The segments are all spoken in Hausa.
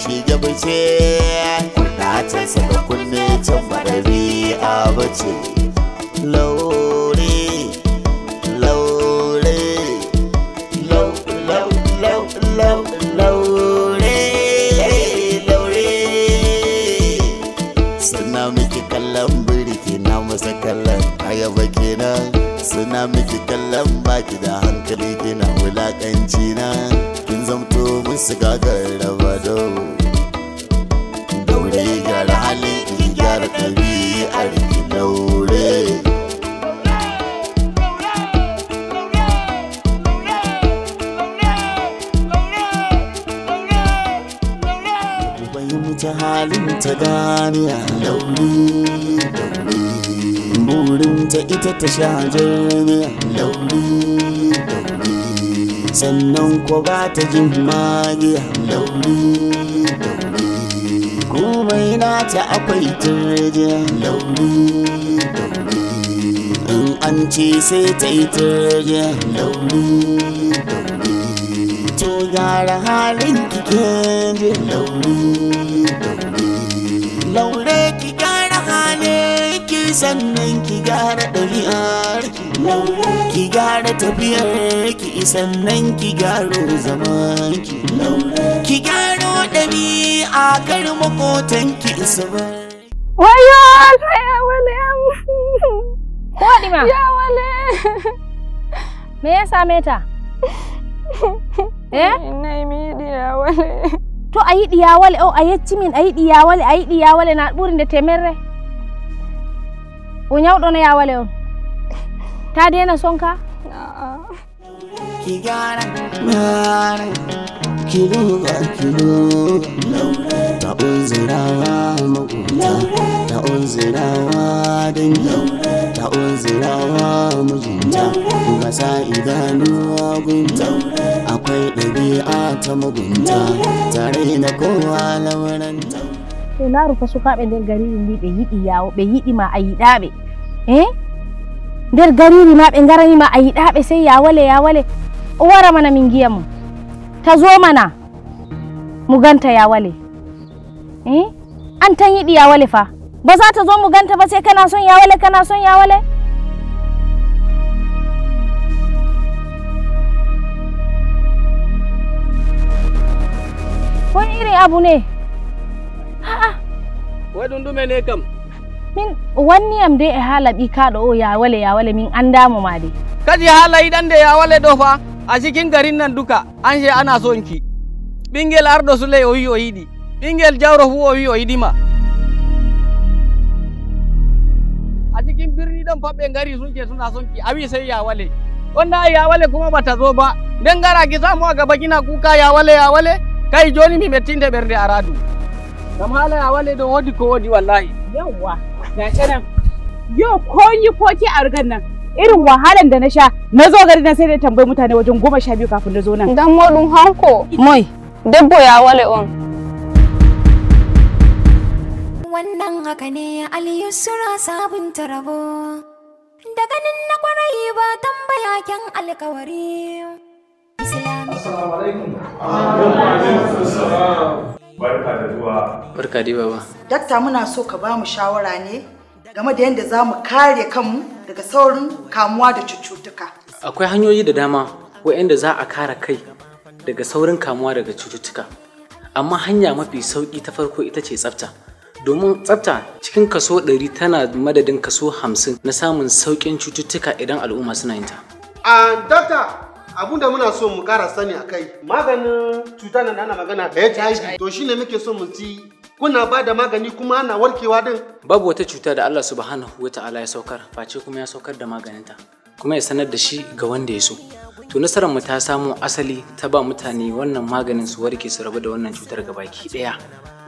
shige bace na ta saka kunne can madari a bace laure laure laure laure suna miki kallon birki na masa kallon ayaba kenan suna miki kallon baki da hankali kina wulakanci na domin su gagar raba daure gyara halin in gyara a ki daure ta halin ta gane a lauri lauri burin ta ita ta sha jirgin lauri sannan ko ba ta jin magiya lauri lauri komai na ta akwai turje lauri lauri in an ce sai ta yi turje lauri lauri to gara halin kike lauri lauri laure ki gara halin ki sannan ki gara ɗari'ar ki gara tafiyar sannan ki gyaro zaman ki ki gyaro ɗabi a kar makotan ki isa ba wayo Allah ya wale ko dima ya wale me ya same ta eh nai mi diya wale to ayi diya wale oh ayacci min ayi diya wale ayi diya wale na burin da temerre o nyawɗo no ya wale on ta dena sonka ki gyara gyara ki duba ki duba ta unzirawa magunta ta unzirawa dangi ta unzirawa mijinta ga sa idanuwa gunta akwai ɗabi'a ta mugunta, tare da kowa lauranta to na rufa su kaɓe nder gariri ndi ɓe yiɗi yawo ɓe yiɗi ma a yiɗaɓe Eh? nder gariri ma ɓe ngarani ma a yiɗaɓe sai yawale yawale uwara mana giya mu ta zo mana mu ganta ya wale eh an tan yi ya wale fa ba za ta zo mu ganta ba sai kana son ya wale kana son ya wale wani irin abu ne ha'a wai dundume ne kam min wani yam dai e halabi ka da o ya wale ya wale min an damu ma dai kaji halayi dan da ya wale do fa a cikin garin nan duka an she ana son ki ɓingel ardo sule o wi o yiɗi ɓingel jawro fu o wi o ma a cikin birni dan fa be ngari sun ke suna son ki a wi sai ya wale wanda ya wale kuma bata zo ba nden gara ki samu a gaba kina kuka ya wale ya wale kai joni mi da berde aradu dan hala ya wale ɗo wodi ko wodi wallahi yawwa ga kana yo ko yi ko ki argan nan irin wahalan da na sha na zo gari na sai da tambayi mutane wajen goma sha biyu kafin na zo nan dan modun hanko moi debbo ya wale on wannan haka ne aliyu sura sabunta rabo da ganin na kwarai ba tambaya kyan alkawari Barka da zuwa. Barka di baba. Dakta muna so ka ba mu shawara ne game da yadda za mu kare kanmu daga saurin kamuwa da cututtuka. Akwai hanyoyi da dama waɗanda za a kare kai daga saurin kamuwa daga cututtuka. Amma hanya mafi sauki ta farko ita ce tsafta. Domin tsafta cikin kaso ɗari tana madadin kaso hamsin na samun sauƙin cututtuka idan al'umma suna yin ta. A dokta abun da muna so mu kara sani a kai maganin cuta nan ana magana da HIV to shine muke so mu ci kuna ba da magani kuma ana warkewa din babu wata cuta da Allah subhanahu ta'ala ya saukar face kuma ya saukar da maganinta kuma ya sanar da shi ga wanda ya so to nasarar mu ta samu asali ta ba mutane wannan maganin su warke su rabu da wannan cutar gabaki daya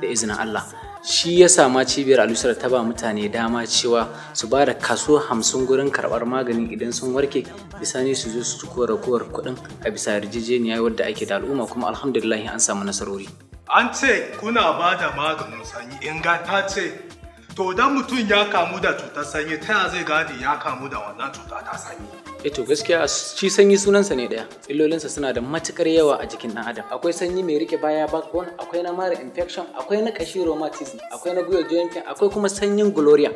da izinin Allah shi ya sama cibiyar alusar ta ba mutane dama cewa su ba da kaso hamsin gurin karɓar magani idan sun warke ne su zo su ci ragowar kuɗin a bisa yarjejeniya wadda ake da al'umma kuma alhamdulillah an samu nasarori an ce kuna ba da maganin sanyi inga ce to dan mutum ya kamu da cutar sanyi ta zai gane ya kamu da wannan cuta ta sanyi e to gaskiya shi sanyi sunansa ne daya illolinsa suna da matukar yawa a jikin dan adam akwai sanyi mai rike baya backbone akwai na mara infection akwai na kashi rheumatism akwai na guyar joint pain akwai kuma sanyin gloria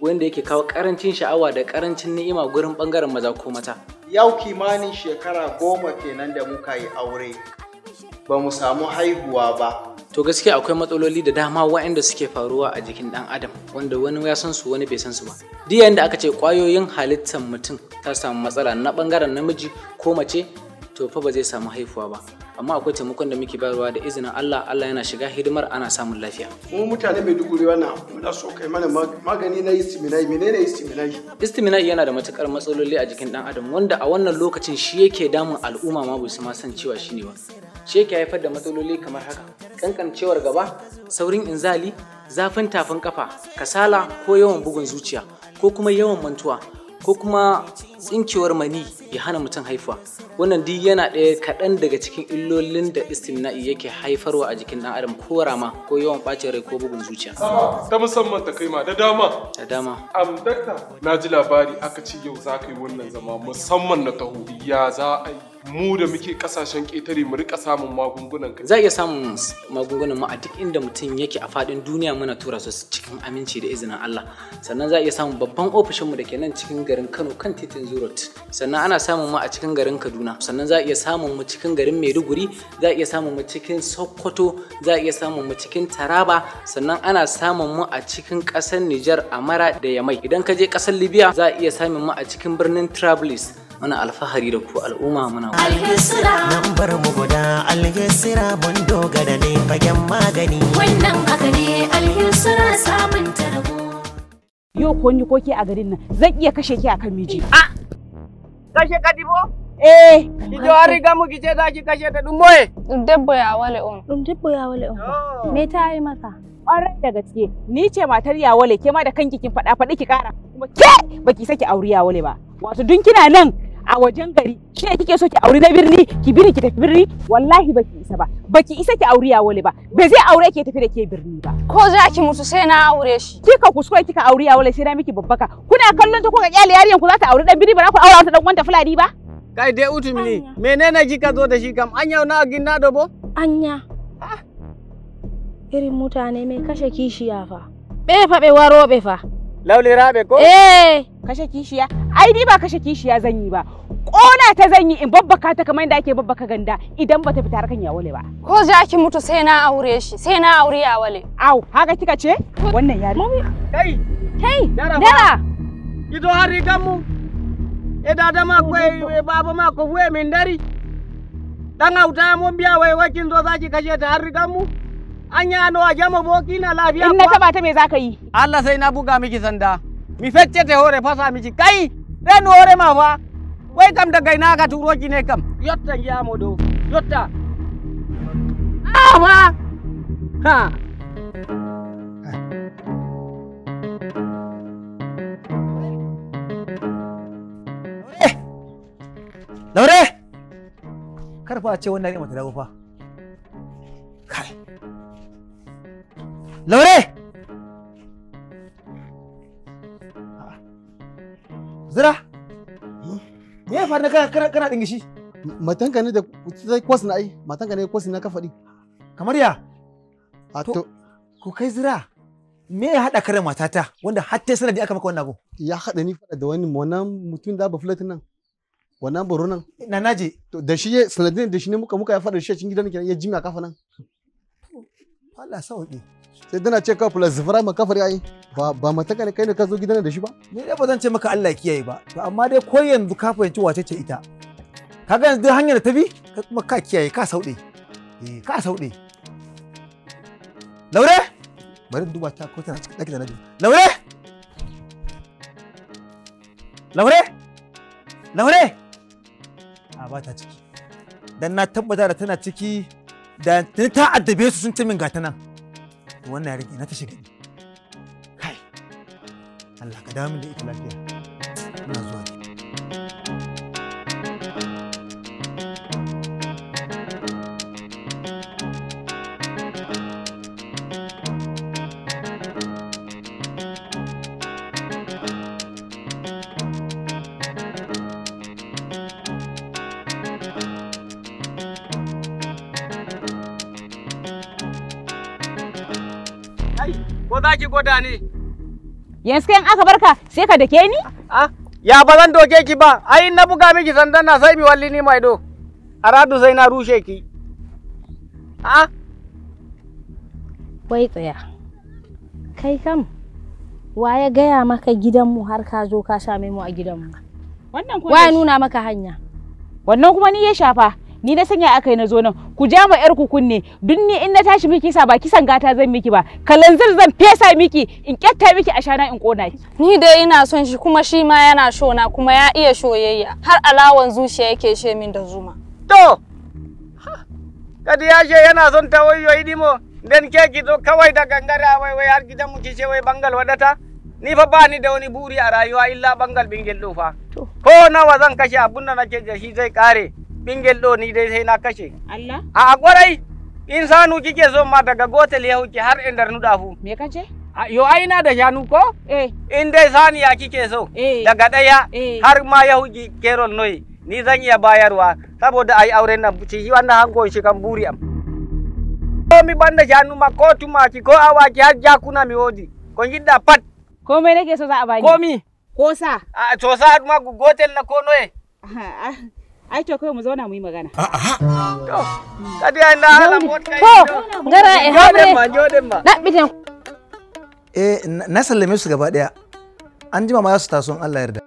wanda yake kawo karancin sha'awa da karancin ni'ima gurin bangaren maza ko mata yau kimanin shekara goma kenan da muka yi aure ba mu samu haihuwa ba to gaskiya akwai matsaloli da dama waɗanda suke faruwa a jikin ɗan adam wanda wani ya san su wani bai san su ba duk yayin da aka ce ƙwayoyin halittar mutum ta samu matsala na ɓangaren namiji ko mace to fa ba zai samu haihuwa ba amma akwai taimakon da muke bayarwa da izinin Allah Allah yana shiga hidimar ana samun lafiya mu mutane mai duguri wannan muna so kai mana magani na istiminai menene istiminai istiminai yana da matukar matsaloli a jikin ɗan adam wanda a wannan lokacin shi yake damun al'umma ma bai ma san cewa shine ba ce ki haifar da matsaloli kamar haka kankancewar gaba saurin inzali zafin tafin kafa kasala ko yawan bugun zuciya ko kuma yawan mantuwa ko kuma tsinkewar mani ya hana mutum haifuwa wannan duk yana ɗaya kaɗan daga cikin illolin da istimna'i yake haifarwa a jikin ɗan adam ko rama ko yawan ɓacin rai ko bugun zuciya ta musamman ta kai ma da dama da dama am dakta na ji labari aka ce yau za ka yi wannan zama musamman na taho ya za a yi mu da muke kasashen ƙetare mu rika samun magungunan ka za iya samun magungunan mu a duk inda mutum yake a faɗin duniya muna tura su cikin aminci da izinin Allah sannan za iya samun babban ofishin mu dake nan cikin garin Kano kan titin Zurot sannan ana samun mu a cikin garin Kaduna sannan za iya samun mu cikin garin Maiduguri za iya samun mu cikin Sokoto za iya samun mu cikin Taraba sannan ana samun mu a cikin ƙasar Nijar Amara da Yamai idan ka je ƙasar Libya za iya samun mu a cikin birnin Trablis muna alfahari da ku al'umma muna nan bar mu guda alhisira mun dogara ne fagen magani wannan haka ne alhisira samun tarbo yau ko ni koke a garin nan zan iya kashe ki akan miji a ah! kashe kadibo Eh. Ijo hari gamu kice za ki kashe ta dun eh! Dabba ya wale on. Dum mm, dabba ya wale on. Oh. Me ta yi maka? Ƙwarar da gaske. Ni ce matar ya wale ke ma da kanki kin faɗa faɗi ki ƙara. Kuma ke baki saki aure ya wale ba. Wato dun kina nan a wajen gari shi ne kike so ki aure na birni ki biri ki tafi birni wallahi baki isa ba baki isa ki aure ya wale ba ba zai aure ke tafi da ke birni ba ko za ki mutu sai na aure shi kika kuskure kika aure ya wale sai na miki babbaka kuna kallon ta ko ga kyale yarinyan ku za ta aure dan birni ba za ku aure ta dan wanda fulani ba kai dai utumini menene kika zo da shi kam anya na ah. ginna da bo anya irin mutane mai kashe kishiya fa be fa be waro be fa laulirabe ko eh kashe kishiya ai ni ba kashe kishiya zan yi ba kona ta zan yi in babbaka ta kamar yadda ake babbaka ganda idan bata fita ya wale ba ko ja ki mutu sai na aure shi sai na aure wale. au haka kika ce wannan yari kai kai dara ido har rigan mu ida e da ma kwai e baba ma ko fuye min dari dan auta mun biya wai wakin zo zaki kashe ta har rigan mu an no a jama boki na lafiya in na taba ta me zaka yi Allah sai na buga miki sanda mi fecce ta hore fasa miki kai ren hore ma fa wai kam da gaina ka turo ki ne kam yotta ya modo yotta ama ha Laure! a ce wannan Kai. Laure! Zira! Me ya faru kana kana kana dingishi? Matanka ne da sai kwas na ai, matanka ne kwas na ka faɗi. Kamar ya? A to ku kai zira. Me ya hada kare matata wanda har ta sanadi aka maka wannan abu? Ya hada ni fada da wani wannan mutum da ba flat nan. Wannan baro nan. Na naje. To da shi sanadin da shi ne muka muka ya fada shi a cikin gidan ya jimi a kafa nan. Allah sauki. sai tana ce ka plus fara ma kafar yayi ba ba mataka ne kai ne ka zo gidan da shi ba ni dai ba zan ce maka Allah kiyaye ba to amma dai ko yanzu ka fahimci wace ce ita kaga yanzu dai hanyar ta bi ka kuma ka kiyaye ka saude eh ka saude laure bari in duba ta ko tana cikin ɗakin da naji laure laure laure a ba ta ciki dan na tabbata da tana ciki da ta addabe su sun ce min gata nan to wannan yarin na ta shiga kai Allah ka damu da ita lafiya ina zuwa zaki gwada ne. Yanzu kai aka barka sai ka dake ni? Ah, ya ba zan doke ki ba, ai na buga miki sandan na sai bi walli ni mai do. Aradu sai na rushe ki. Ah. Wai tsaya. Kai kam wa ya gaya maka gidanmu har ka zo ka same mu a gidanmu. Wannan ko ya nuna maka hanya. Wannan kuma ni ya shafa. ni na sanya aka yi na zo nan ku ja ma yar ku kunne duk ni in na tashi miki sa ba kisan gata zan miki ba kalanzir zan fesa miki in kyatta miki a shana in kona ki ni dai ina son shi kuma shi ma yana shona kuma ya iya shoyayya har alawan zuciya yake she min da zuma to kadi ya she yana son ta wayo idimo dan ke ki zo kawai da gangara wai wai har gidan mu ki she wai bangal wadata ni fa ba ni da wani buri a rayuwa illa bangal bingel dofa ko nawa zan kashe abun da nake da shi zai kare bingel ɗo ni dai sai na kashe Allah a gwarai sanu kike so ma daga gotel ya huke har e nder nuɗa fu me kace yo aina da janu ko eh in dai saniya kike so eh. daga ɗaya eh. har ma ya huki kerol noyi ni zan iya bayarwa saboda ai aure na ci wannan hankon shi kan buri am mi banda janu ma ko tumaki ko awaki har jakuna mi wodi ko gidda pat komai nake so za a bani mi ko sa a to sa ma gotel na ko noye ai to kai mu zauna mu yi magana to kada na hala kai gara e eh hamre na bitin eh na sallame su gaba daya an jima ma za su taso Allah yarda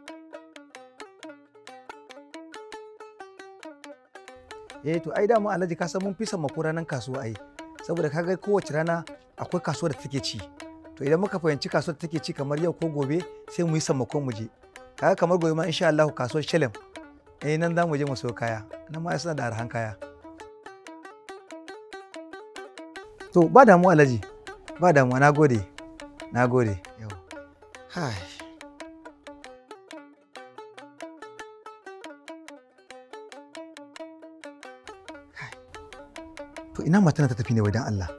eh to ai da mu Alhaji ka san mun fi san makura kasuwa ai saboda kaga kowace rana akwai kasuwa da take ci to idan muka fahimci kasuwar take ci kamar yau ko gobe sai mu yi sammakon mu je kaga kamar gobe ma insha Allah kasuwar Shelem eh nan za mu je mu so kaya nan ma suna da arhan kaya to ba damu alhaji ba damuwa na gode na gode yau hai to ina matana ta tafi ne wajen Allah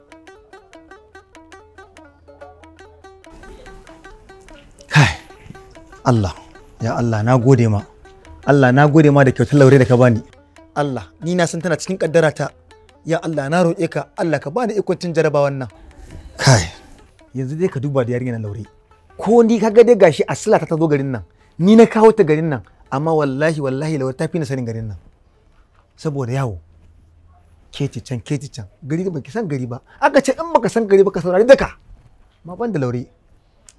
Hai. Allah ya Allah na gode ma Allah na gode ma da kyautar laure da ka bani Allah ni na san tana cikin kaddara ta ya Allah na roƙe ka Allah ka bani ikon cin jaraba nan kai yanzu dai ka duba da yarinya na laure ko ni kaga dai gashi asila ta zo garin nan ni na kawo ta garin nan amma wallahi wallahi laure ta fi ni sanin garin nan saboda yawo keci can keci can gari ba ki san gari ba aka ce in baka san gari ba ka saurari daka ma ban da laure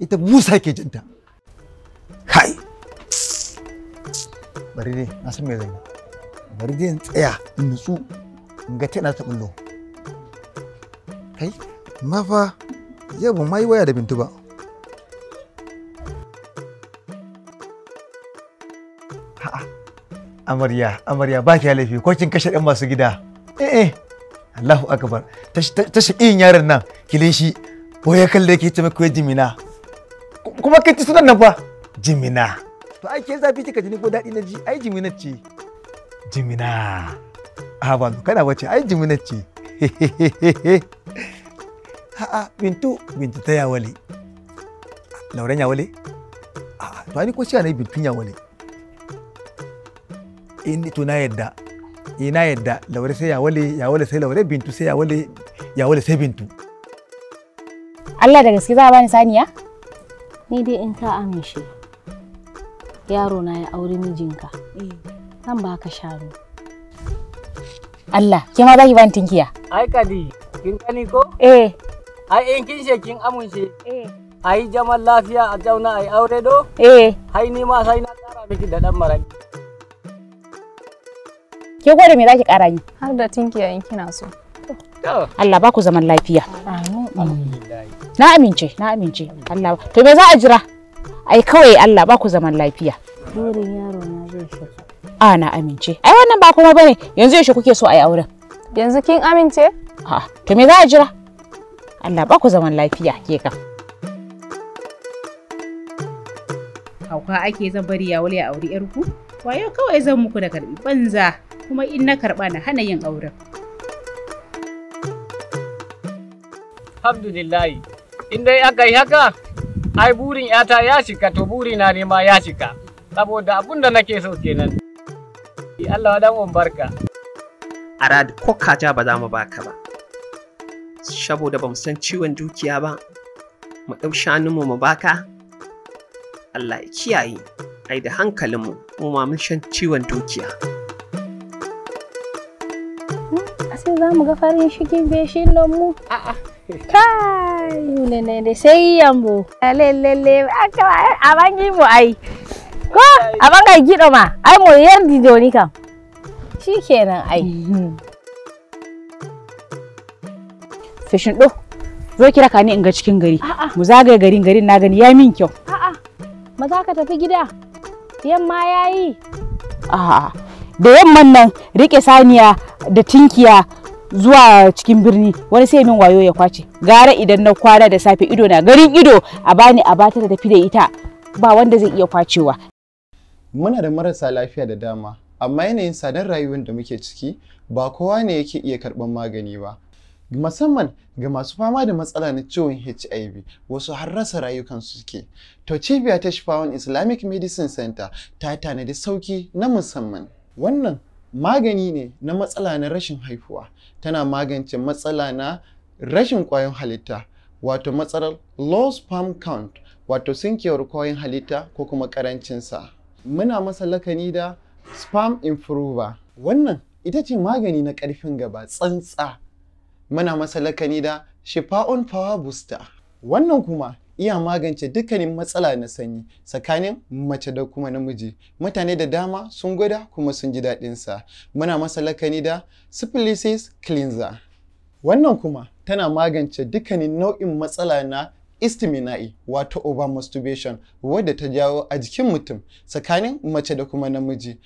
ita musa ke jinta kai bari dai na san me zai yi bari dai in tsaya in nutsu in ga tana ta bullo kai ma fa yau ban ma yi waya da bintu ba amarya amarya ba ki laifi ko kin kashe ɗan masu gida eh eh Allahu akbar ta shaƙin yaron nan kile shi ko ya kalle ki ta mai jimina kuma kai ci sunan nan fa jimina to ai ke zafi kika ji ni ko daɗi na ji ai jiminat ce jimina a ba kana wace ai jiminat ce a'a bintu bintu ta yawale lauren yawale ah, to ai ko shi ne bintu yawale eh, in to na yadda ina eh, yadda lauren sai yawale yawale sai laure bintu sai yawale yawale sai bintu Allah da gaske za a bani saniya ni dai in ka amince yaro na ya auri mijinka eh. ba ka shanu Allah ke ma ki bani tinkiya ai kadi kin gani ko eh ai in kin she kin amince eh ai jamal lafiya a jauna ai aure do eh ai ni ma sai na kara miki da dan maraki ke gwada me zaki kara ni har da tinkiya in kina so Allah ba ku zaman lafiya. Amin. Mm. Na amince, na amince. Allah. To me za a jira? ai kawai Allah ba ku zaman lafiya burin yaro na zai shiga a na amince ai wannan ba kuma bane yanzu yaushe kuke so a yi auren yanzu kin amince a to me za a jira Allah ba ku zaman lafiya ke kan hauka ake zan bari ya wuli a auri ku? wayo kawai zan muku da karbi banza kuma in na karba na hana yin auren alhamdulillah in dai aka yi haka ai burin yata ya cika to buri na nema ya cika saboda abun da nake so kenan Allah dan barka arad ko kaja ba za mu baka ba saboda ba mu san ciwon dukiya ba mu ɗau shanu mu mu baka Allah ya kiyaye ai da hankalin mu ma mun shan ciwon dukiya hmm, asin za mu ga farin shigin beshin nan mu a'a kai ne ne ne sai yambo eh, ah, eh, A aban gibo ai ko aban ga gido ma ai mo yardi doni kam shikenan ai Fashin mhm. ɗo zo kira ka ni in ga cikin gari mu zagaye garin garin na gani ya min kyau a'a ma za ka tafi gida yamma yayi a'a da yamman nan rike saniya da tinkiya zuwa cikin birni wani sai min wayo ya kwace gara idan na kwana da safe ido na garin ido a bani a bata da tafi da ita ba wanda zai iya kwacewa muna da marasa lafiya da dama amma yanayin sadar rayuwar da muke ciki ba kowa ne yake iya karɓar magani ba musamman ga masu fama da matsala na ciwon HIV wasu har rasa rayukan suke. To cibiya ta Shifawan Islamic Medicine Center ta tanadi sauki na musamman. Wannan magani ne na matsala na rashin haihuwa tana magance matsala na rashin kwayon halitta wato matsalar low sperm count wato sinkewar kwayon halitta ko kuma ƙarancinsa muna masa lakani da sperm improver wannan ita ce magani na karfin gaba tsantsa muna masa lakani da shifa'un power booster wannan kuma iya magance dukkanin matsala na sanyi tsakanin mace da kuma namiji mutane da dama sun gwada kuma sun ji daɗinsa muna masa lakani da syphilis cleanser wannan kuma tana magance dukkanin nau'in matsala na istimina'i wato over masturbation wadda ta jawo a jikin mutum tsakanin mace da kuma namiji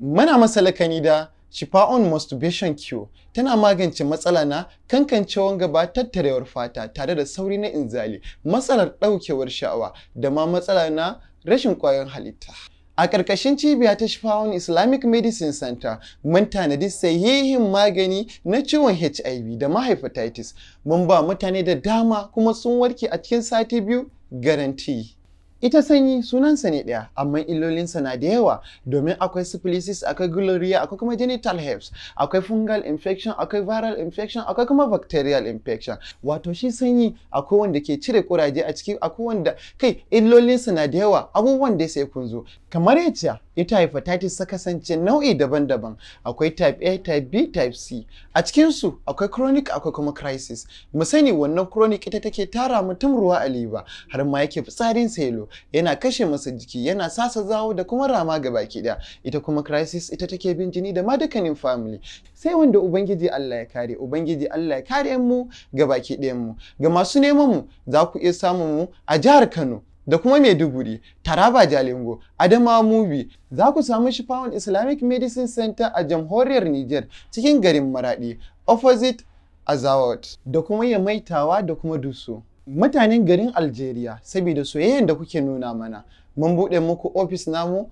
muna masa lakani da Shifa'un Masturbation Cure tana magance matsala na kankancewan gaba tattarewar fata tare da sauri na inzali, matsalar ɗaukewar sha'awa da ma matsala na rashin ƙwayon halitta. A ƙarƙashin cibiya ta Shifa'un Islamic Medicine Center, mun tanadi sahihin magani na ciwon HIV da ma hepatitis. Mun ba mutane da dama kuma sun warke a cikin sati biyu garanti. Ita sanyi sunansa ne ɗaya, amma illolinsa na da yawa domin akwai syphilis, akwai gloria akwai kuma genital herpes, akwai fungal infection, akwai viral infection, akwai kuma bacterial infection. Wato shi sanyi akwai wanda ke cire kuraje a ciki, akwai wanda kai illolinsa na da yawa abubuwan da sai kun zo. Kamar yadda ita hepatitis ta kasance nau'i daban-daban akwai type A, type B, type C. A cikinsu akwai chronic akwai kuma crisis. Mu sani wannan chronic ita take tara mutum ruwa a liba har ma yake fitsarin selo yana kashe masa jiki yana sasa zawo da kuma rama ga baki Ita kuma crisis ita take bin jini da ma dukkanin family. Sai wanda Ubangiji Allah ya kare, Ubangiji Allah ya kare mu ga baki ɗayan mu. Ga masu neman mu za ku iya samun mu a jihar Kano. da kuma Maiduguri, Taraba Jalingo, Adama Mubi za ku samu Shifawan Islamic Medicine Center a jamhuriyar Niger cikin garin Maradi, opposite Azawad, da kuma Yamaitawa da kuma Dusu. Mutanen garin Algeria, saboda soyayyar da kuke nuna mana, mun buɗe muku ofis namu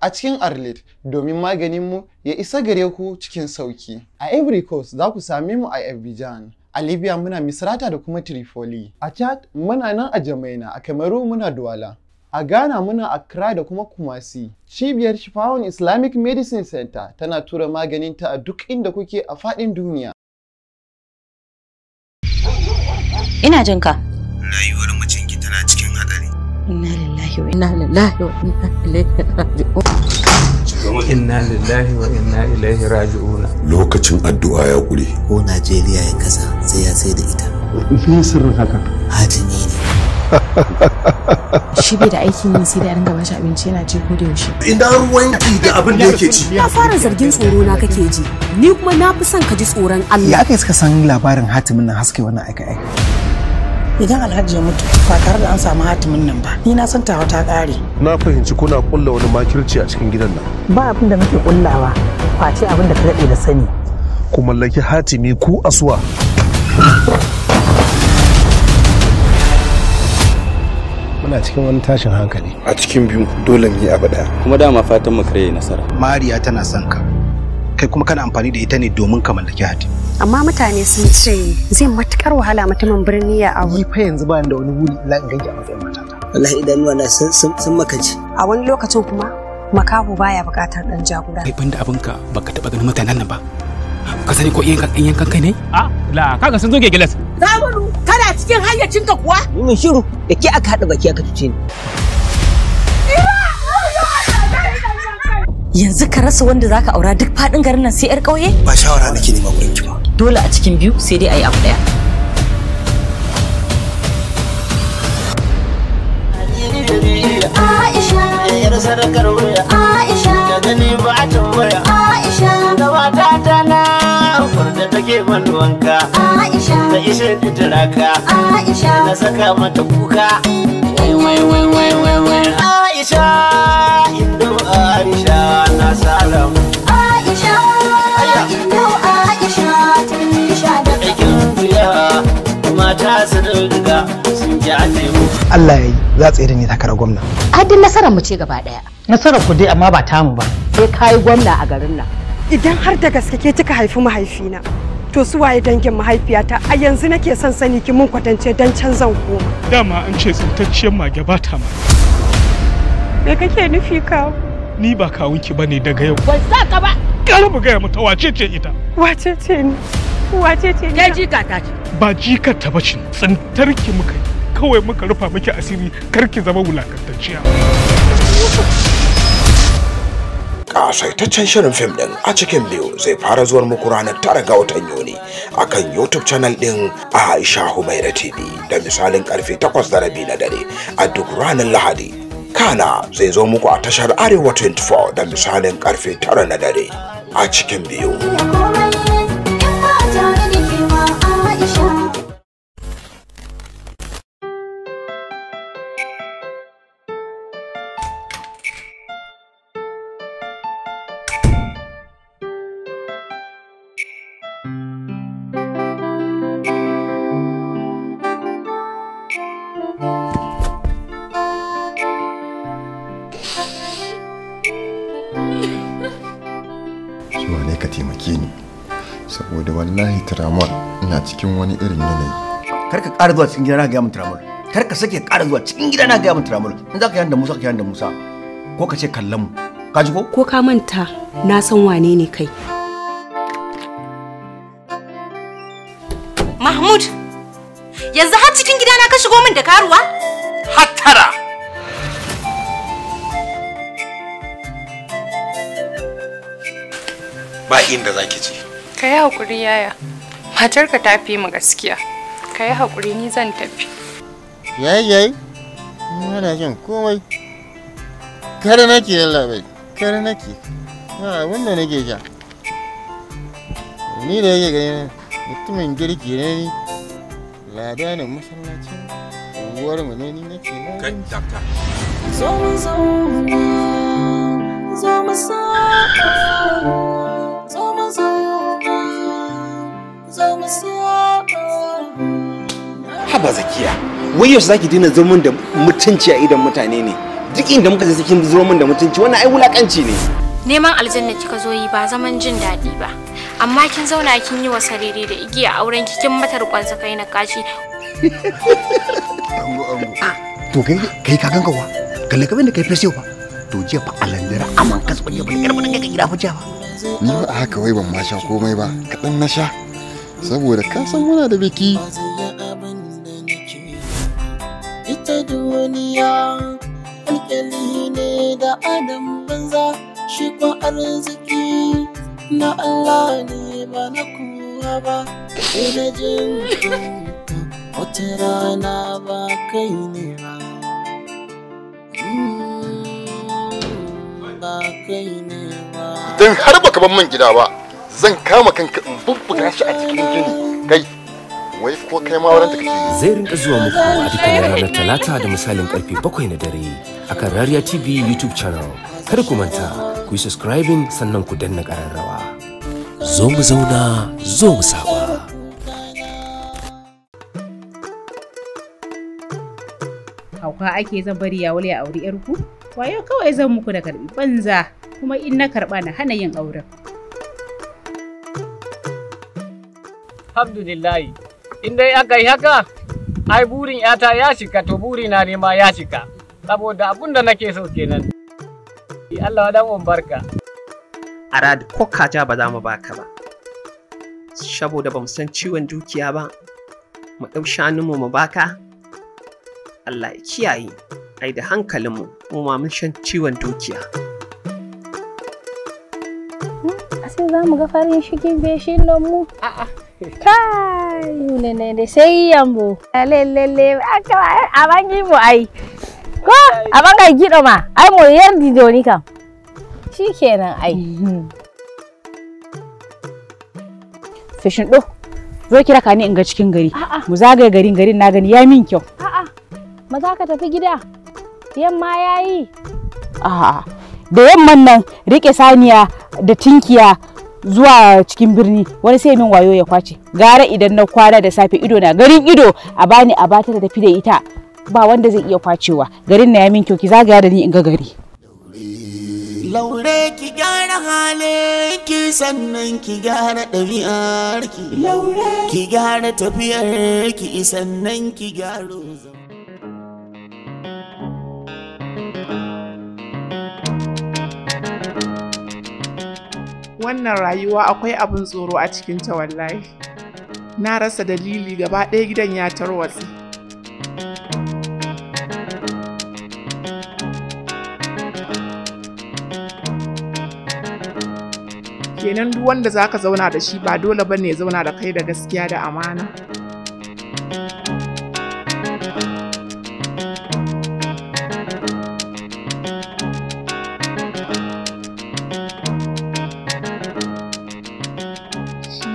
a cikin Arlit domin maganinmu ya isa gare ku cikin sauki. A Ivory Coast za ku same mu a Abidjan. a libya muna misrata da kuma tripoli a chad muna nan a jamaina a kamaru muna duwala a ghana muna accra da kuma kumasi cibiyar Shifawan islamic medicine center tana tura maganinta a duk inda kuke a faɗin duniya ina jin ka rayuwar ki tana cikin hadari inna lillahi wa inna lillahi wa inna ilaihi raji'un inna lillahi wa inna ilaihi raji'un lokacin addu'a ya ƙure. ko najeriya ya kasa sai ya sai da ita Ina sirrin haka hajimi ne shi bai da aikin yi sai da ringa bashi abinci yana ci ko da yaushe ina wanki da abin da yake ci N'a fara zargin tsoro na kake ji ni kuma na fi son ka ji tsoron Allah ya kai suka san labarin hatimin nan haske wannan aika aika idan alhaji ya mutu ba tare da an samu hatimin nan ba ni na san tawa ta kare na fahimci kuna kulla wani makirci a cikin gidan nan ba abin da muke kullawa face abin da ka daɗe da sani ku mallaki hatimi ku asuwa muna cikin wani tashin hankali a cikin biyu dole mu yi abu daya kuma dama fatan mu kare nasara mariya tana son ka kai kuma kana amfani da ita ne domin ka mallaki hati amma mutane sun ce zai matukar wahala mutumin birni ya abu ni fa yanzu ba da wani wuri la in ganki a matsayin mata wallahi idanuwa na sun makaci a wani lokacin kuma makaho baya bukatar dan jagora kai banda abinka baka taba ganin mutanen nan ba ka sani ko in yankan kai ne Ah, la kaga sun zo gilas. zamanu kana cikin hayyacinka kuwa mun shiru da ke aka haɗa baki aka tuce ni yanzu ka rasa wanda zaka aura duk faɗin garin nan sai yar ƙauye ba shawara nake nema gurin ki ba dole a cikin biyu sai dai ayi abu ɗaya Aisha, yar sarakar wuya, Aisha, da gani ba ta wuya, Aisha. Aisha da wata tana da take man wanka Aisha ta ishe ni turaka Aisha na saka mata kuka wai wai wai wai wai wai Aisha indo Aisha na salam Aisha indo Aisha tunisha da kakin kuya mata su dinga sun ji a Allah ya yi za tsaye da ni takarar gwamna. Adin nasarar mu ce gaba daya. Nasarar ku dai amma ba tamu ba. Sai kayi gwamna a garin nan. idan har da gaske ke kika haifi mahaifina to su waye dangin mahaifiyata a yanzu nake son sani ki mun kwatance dan can zan koma dama an ce tsintacciyar mage ba ta ma me kake nufi kawo ni ba kawun ki bane daga yau ban sa ka ba karbu gaya mata wace ce ita wace ce ni wace ce ni ke jika ta ce ba ka ta bace tsintar ki muka kawai muka rufa miki asiri kar ki zama wulakantacciya kasaitaccen shirin fim din a cikin biyu zai fara zuwar muku ranar tara ga watan yuni akan youtube channel din aisha humaira tv da misalin karfe 8 da rabi na dare a duk ranar lahadi kana zai zo muku a tashar arewa 24 da misalin karfe 9 na dare a cikin biyu. tiramol ina cikin wani irin yanayi kar ka ƙara zuwa cikin gida na gaya min tramol kar ka sake ƙara zuwa cikin gida na gaya min tramol in za ka yanda musa ka yanda musa ko ka ce kallon mu ka ji ko ko ka manta na san wane ne kai mahmud yanzu har cikin gida na ka shigo min da karuwa hattara ba inda zaki je ka yi haƙuri yaya matarka ta fi mu gaskiya ka yi haƙuri ni zan tafi yayi yayi na jin komai kare nake lallaɓai kare nake a wanda nake ja ni da yake gani mutumin girki ne ni lada ne masallacin uwar mu ne ni nake na kai dakta zo mu mu zo mu haba zakiya wai yaushe zaki dina zurmin da mutunci a idan mutane ne duk inda muka je cikin zurmin da mutunci wannan ai wulakanci ne neman aljanna kika zo yi ba zaman jin daɗi ba amma kin zauna kin yi wa sarere da igiya auren ki kin matar kwansa kai na kashi ango ah, to kai kai ka ganka wa kalle kaman da kai fesiyo ba to jiya fa alandira aman kasu ba jiya ba da karfin da kai gida fa jiya ba ni ba haka wai ban ma sha komai ba kaɗan na sha saboda ka san muna da biki ita duniya alƙali ne da adam banza shi ko arziki na Allah ne ba na kowa ba ina jin wata rana ba kai ne ba mm, ba kai ne ba don har baka ban man gida ba zan kama kanka in bubbuga shi a cikin gini kai wai ko kai ma wurin kake zai rinka zuwa muku a cikin ranar talata da misalin karfe 7 na dare a akan Rariya TV YouTube channel Kar ku manta ku yi sannan ku danna kararrawa zo mu zauna zo mu saba hauka ake zan bari ya wale a auri yarku wayo kawai zan muku da karbi banza kuma in na karba na hana yin auren alhamdulillahi in dai aka yi haka ai burin yata ya shika to na ne ma ya shika saboda abun da nake so kenan Allah dan uwan barka arad ko kaja ba za mu baka ba saboda ba mu san ciwon dukiya ba mu ɗau shanu mu mu baka Allah ya kiyaye ai da hankalin mu ma mun shan ciwon dukiya hmm, a sai za ga farin shigin bai shi mu a'a kai ne ne ne sai yambo lelele aka aban gibo ai ko aban ga gido ma ai mo yardi doni kam shikenan ai fishin do zo kira ka ni in ga cikin gari mu zagaye garin garin na gani ya min kyau a'a za ka tafi gida yamma yayi a'a da yamman nan rike saniya da tinkiya zuwa cikin birni wani sai min wayo ya kwace gara idan na kwana da safe ido na garin ido a bani a bata da tafi da ita ba wanda zai iya kwacewa garin na ya min kyau ki zagaya da ni in ga gari laure ki gyara ki sannan ki gyara ki laure ki gyara tafiyarki sannan ki gyara zama wannan rayuwa akwai abin tsoro a cikinta wallahi na rasa dalili gaba ɗaya gidan ya tarwatse kenan duk wanda zaka zauna da shi ba dole bane ya zauna da kai da gaskiya da amana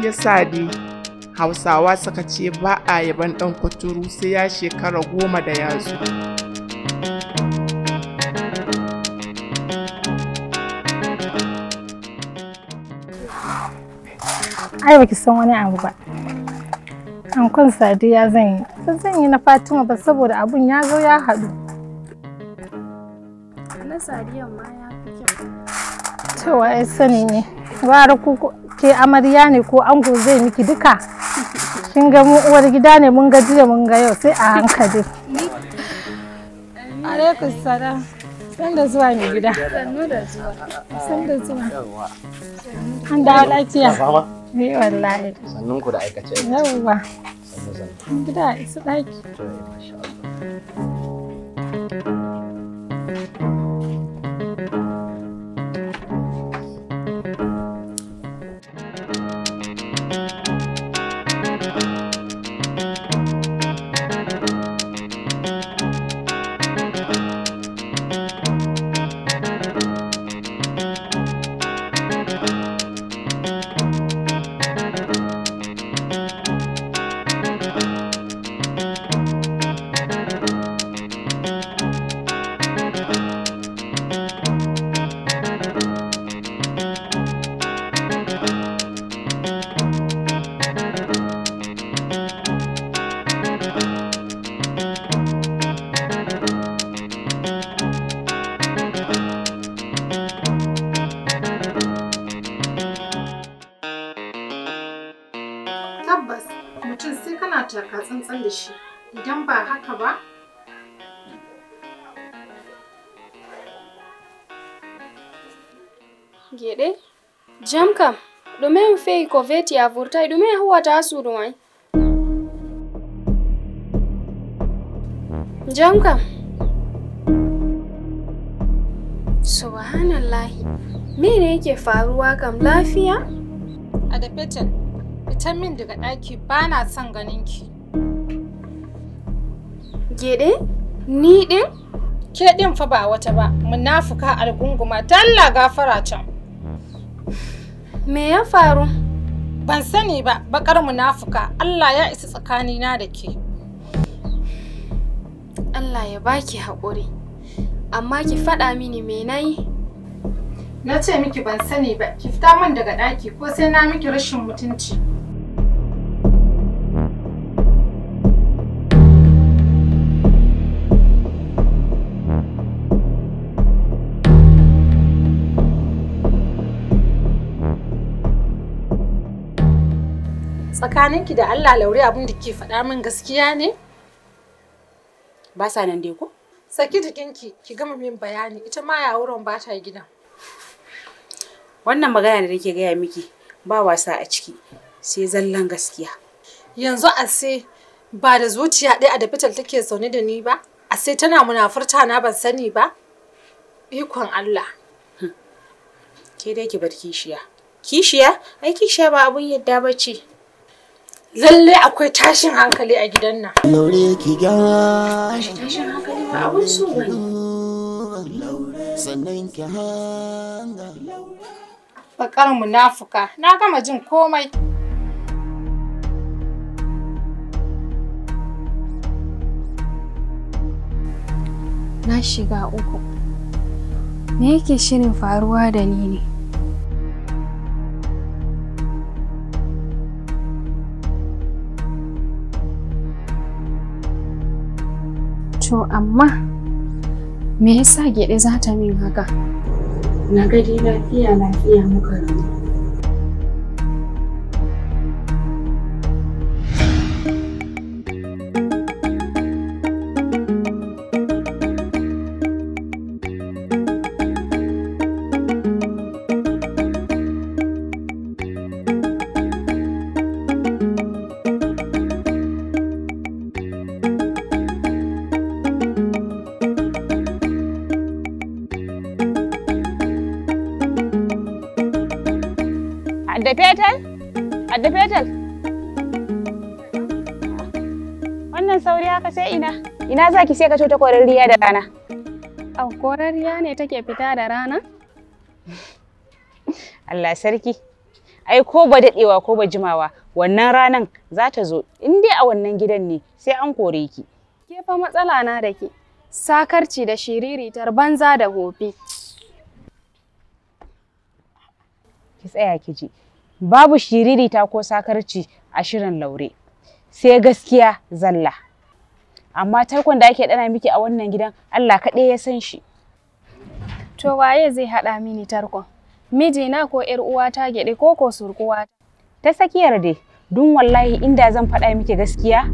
ya sa dai hausawa suka ce ba a yaban ɗan kuturu sai ya shekara goma da yazo ai baki san wani abu ba ankon sadiya zan yi zan yi na fatima ba saboda abun ya zo ya haɗu na sadiyan ma ya fi kyau cewa ai sani ne gwara kuku ke amarya ne ko ango zai miki duka kin ga mu uwar gida ne mun ga jiya mun ga yau sai a hankali alaikum salam san da zuwa ne gida san da zuwa an dawo lafiya ni wallahi sannun ku da aikace yawwa gida isu daki to masha Allah Geɗe? Jam kam, ɗume on fe'i veti a vurtai, ɗume huwata ha suudu mai? Jam kam. Subhanallahi, mene yake faruwa kam lafiya? A da fetin, daga ɗaki ba son ganin ki. Geɗe? Ni ɗin? Ke ɗin fa ba wata ba, munafuka algunguma, talla gafara can. Me ya faru? Ban sani ba, bakar munafuka. Allah ya isa tsakanina da ke. Allah ya baki haƙuri. Amma ki faɗa mini me nayi? Na ce miki ban sani ba, ki fita min daga ɗaki ko sai na miki rashin mutunci. tsakaninki da Allah laure abin da ke faɗa min gaskiya ne? Ba sa nan dai ko? Saki jikinki ki gama min bayani ita ma ya wurin ba ta gidan. Wannan magana da nake gaya miki ba wasa a ciki sai zallan gaskiya. Yanzu a sai ba da zuciya ɗaya a da take zaune da ni ba? A sai tana munafurta na ban sani ba? Ikon Allah. Ke dai ki bar kishiya. Kishiya? Ai kishiya ba abun yadda ba ce. Zalle akwai tashin hankali a gidan nan. Laure Tashin hankali ba abun so bane. Sannan ki hanga. Bakar munafuka, na gama jin komai. Na shiga uku. Me yake shirin faruwa da ni ne? To amma me yasa gyaɗe za ta min haka? Na gadi lafiya lafiya muka sai ka ce ta kwararriya da rana. Au, kwararriya ne take fita da rana? Allah sarki. Ai ko ba daɗewa ko ba jimawa wannan ranan za ta zo in dai a wannan gidan ne sai an kore ki. Ke fa matsala na da ke. Sakarci da shiriritar banza da gobe. Ki tsaya ki ji. Babu shiririta ko sakarci a shirin laure. Sai gaskiya zalla. amma tarkon da ake dana miki a wannan gidan Allah kaɗai ya san shi to waye zai haɗa mini tarkon mijina ko 'yar uwata gyaɗe ko ko surkuwa ta tsakiyar dai dun wallahi inda zan faɗa miki gaskiya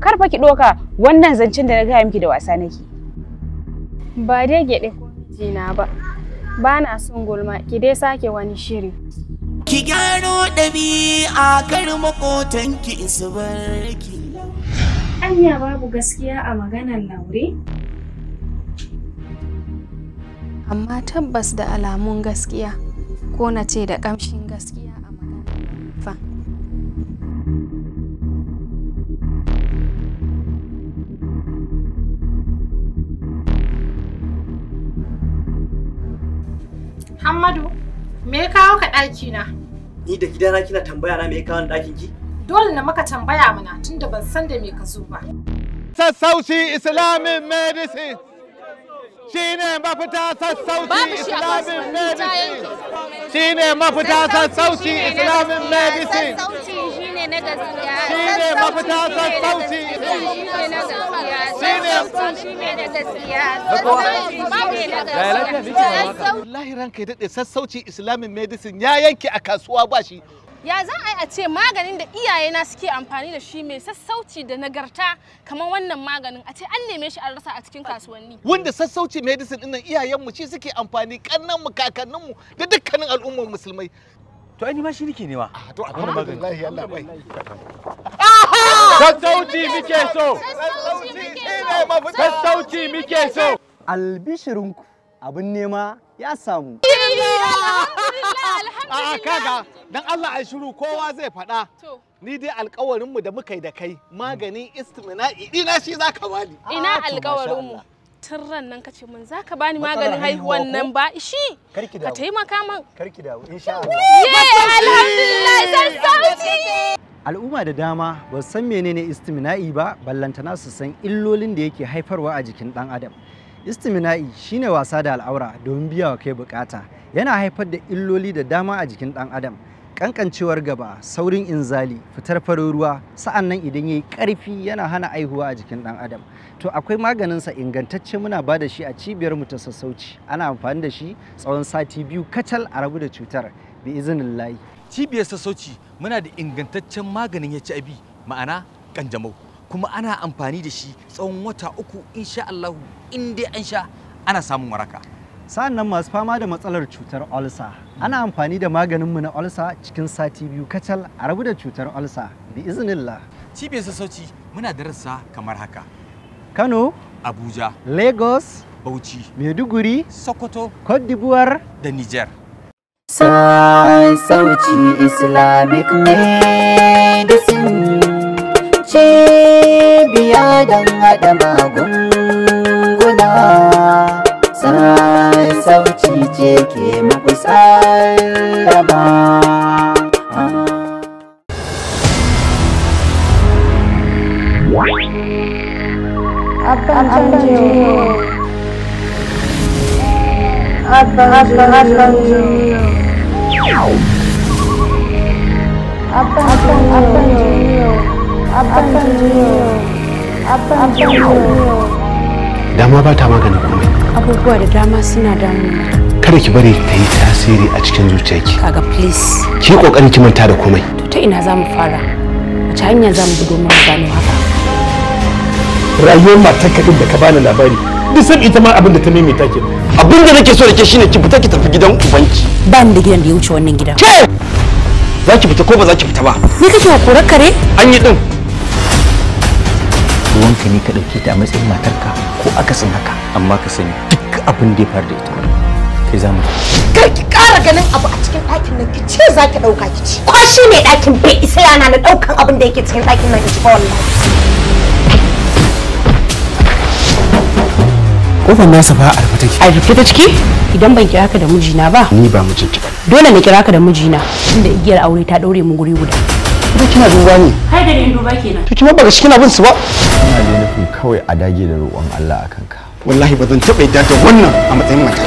karfa ki ɗoka wannan zancen da na gaya miki da wasa nake. Ba dai gyaɗe ko mijina ba, Ba na son gulma, ki dai sake wani shiri. Ki gyaro a kar makotan ki barki. Anya babu gaskiya a maganar Laure? Amma tabbas da alamun gaskiya, ko na ce da ƙamshin gaskiya. Amadu, me ya kawo ka ɗaki na? Ni da gidana kina tambaya na me ya kawo ɗakin ki? Dole na maka tambaya mana tunda ban san da me ka zo ba. Sassauci Islamic medicine ne mafita sassauci Islamic medicine ne mafita sassauci Islamic medicine. ne na gaskiya shi ne mafita sassauci shi ne na gaskiya shi ne na gaskiya shi ne na gaskiya wallahi ranka ya sassauci islamic medicine ya yanke a kasuwa ba shi ya za a yi a ce maganin da iyaye na suke amfani da shi mai sassauci da nagarta kamar wannan maganin a ce an neme shi an rasa a cikin kasuwanni wanda sassauci medicine dinnan iyayenmu shi suke amfani kannan mu kakanninmu da dukkanin al'ummar musulmai to ai ni ma shi nake wa. to alhamdulillah Allah bai sassauci muke so sassauci muke so ku abin nema ya samu a'a kaga dan Allah ai shiru kowa zai faɗa ni dai alkawarinmu da muka yi da kai maganin istimina'i dina shi zaka bani ina ah, alkawarinmu tun nan kace mun zaka bani maganin haihuwan nan ba shi ka taimaka min karki dawo insha Allah alhamdulillah san sauti al'umma da dama ba san menene istimina'i ba ballantana su san illolin da yake haifarwa a jikin dan adam istimina'i shine wasa da al'aura domin biya wa kai bukata yana haifar da illoli da dama a jikin dan adam kankancewar gaba saurin inzali fitar farin ruwa sa'an nan idan ya yi ƙarfi yana hana aihuwa a jikin ɗan adam to akwai maganinsa ingantacce muna ba da shi a cibiyar mu ta sassauci ana amfani da shi tsawon sati biyu kacal a rabu da cutar bi izinin layi cibiyar sassauci muna da ingantaccen maganin ya abi ma'ana kanjamau kuma ana amfani da shi tsawon wata uku insha Allahu in dai an sha ana samun waraka sa'an masu fama da matsalar cutar olsa ana amfani da maganinmu na olsa cikin sati biyu kacal a rabu da cutar olsa bi iznillah cibiyar sassauci muna darasa kamar haka kano abuja lagos bauchi maiduguri sokoto cote d'ivoire da niger sassauci islamic medicine cibiya don haɗa magunguna sai sauci ce ke muku tsaraba Abban Janjo Abban Abban Abban Abban ba ta abubuwa da dama suna damu kada ki bari ta yi tasiri a cikin zuciyarki kaga please ki yi kokarin ki manta da komai to ta ina zamu fara wace hanya zamu bi domin mu gano haka rayuwar matar ka da ka bani labari duk san ita ma abin da ta maimaita ke abin da nake so da ke shine ki fita ki tafi gidan ubanki ba ni da gidan da ya wuce wannan gidan ke za ki fita ko ba za ki fita ba ni kake wa korar kare an yi din ruwanka ne ka ɗauke ta a matsayin matarka ko akasin haka amma ka sani duk abin da ya faru da ita kai za mu kai ki ƙara ganin abu a cikin ɗakin nan ki ce za ki ɗauka ki ci ko shi ne ɗakin bai isa yana na ɗaukan abin da yake cikin ɗakin nan ki ci ba wallahi kofar nasa fa a rufe take a rufe ta ciki idan ban kira ka da mijina ba ni ba mijin ki dole na kira ka da mijina tunda igiyar aure ta daure mu guri guda kuma kina duba ni hai da ni duba kenan to kima ba shi kina bin su ba ina da nufin kawai a dage da roƙon Allah akan wallahi ba zan taɓa yadda da wannan a matsayin matata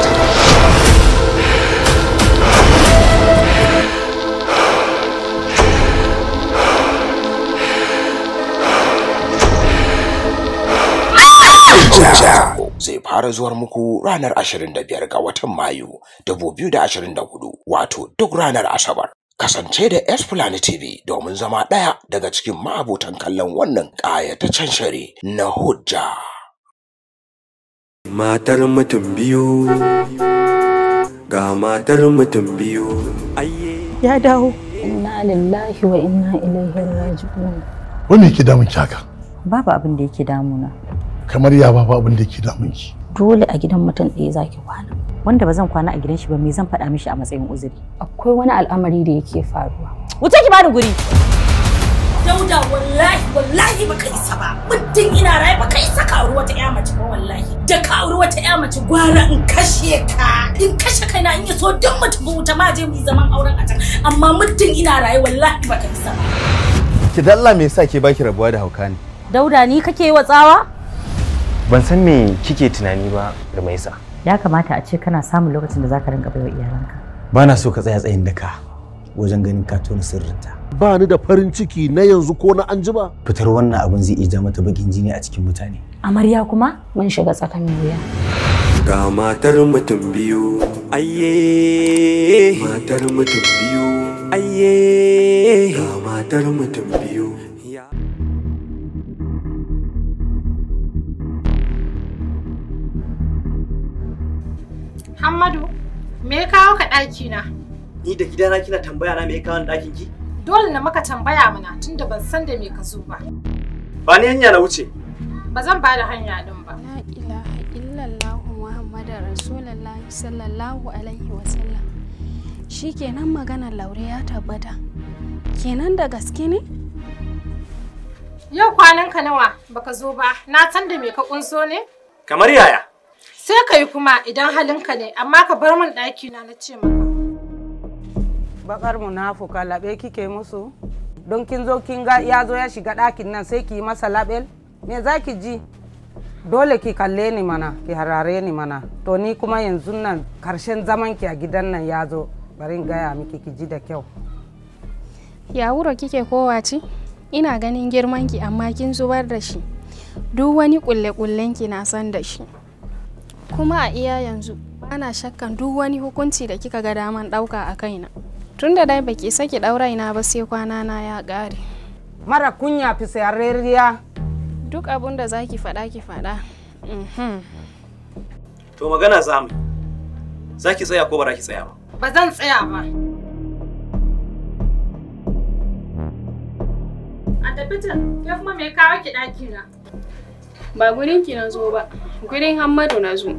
zai fara zuwar muku ranar 25 ga watan Mayu 2024 wato duk ranar Asabar. Kasance da Esplanade TV domin zama ɗaya daga cikin ma'abutan kallon wannan ƙayataccen shari na hujja. matar mutum biyu ga matar mutum biyu ya dawo inna lillahi wa inna ilaihi raji'un wani yake damun ki haka babu abin da yake damuna kamar ya babu abin da yake damun ki dole a gidan mutum ɗaya zaki kwana wanda ba zan kwana a gidan shi ba me zan faɗa mishi a matsayin uzuri akwai wani al'amari da yake faruwa wuce ki bani guri dauda wallahi wallahi baka isa ba muddin ina rai baka isa ka auri wata ƴa mace ba wallahi da ka auri wata ƴa mace gwara in kashe ka in kashe kai na in yaso duk mutum ba wuta ma je mu zaman auren a can amma muddin ina rai wallahi baka isa ba ki dalla me yasa ke baki rabuwa da hauka ne dauda ni kake wa tsawa ban san me kike tunani ba sa. ya kamata a ce kana samun lokacin da zaka rinka baiwa iyalanka bana so ka tsaya tsayin daka wajen ganin ka tona sirrinta ba ni da farin ciki na yanzu ko na anjima fitar wannan abin zai iya mata bakin jini a cikin mutane amarya kuma mun shiga tsakan wuya ga matar mutum biyu ayye matar mutum biyu ayye ga matar mutum biyu Hamadu, me ya kawo ka ɗaki na? Ni da gidana kina tambaya na me ya kawo ɗakin ki? Dole na maka tambaya mana tunda ban san da me ka zo ba. Ba ni hanya na wuce. Ba zan ba da hanya din ba. La ilaha illallah Muhammadu Rasulullah sallallahu alaihi wa sallam. Shikenan maganar Laure ya tabbata. Kenan da gaske ne? Yau kwanan ka nawa baka zo ba, na san da me ka kunso ne? Kamar yaya? Sai ka kuma idan halinka ne, amma ka bar min ɗaki na na ce maka. bakar munafuka labe kike musu don kin zo kin ga ya zo ya shiga ɗakin nan sai ki masa label me zaki ji dole ki kalle ni mana ki harare ni mana to ni kuma yanzu nan karshen zaman ki a gidan nan ya zo bari in gaya miki ki ji da kyau ya wuro kike kowace ina ganin girman ki amma kin zubar da shi duk wani kulle kullen ki na san da shi kuma a iya yanzu ana shakkan duk wani hukunci da kika ga daman dauka a kaina tun da dai baki saki ɗauraina ba sai kwana na ya ƙare mara kunya fisararriya duk abun da zaki faɗa ki faɗa mhm. to magana za mu za ki tsaya ko ba za ki tsaya ba ba zan tsaya ba a tafi ke kuma mai kawo ki ɗaki na ba gurin ki na zo ba gurin hammadu na zo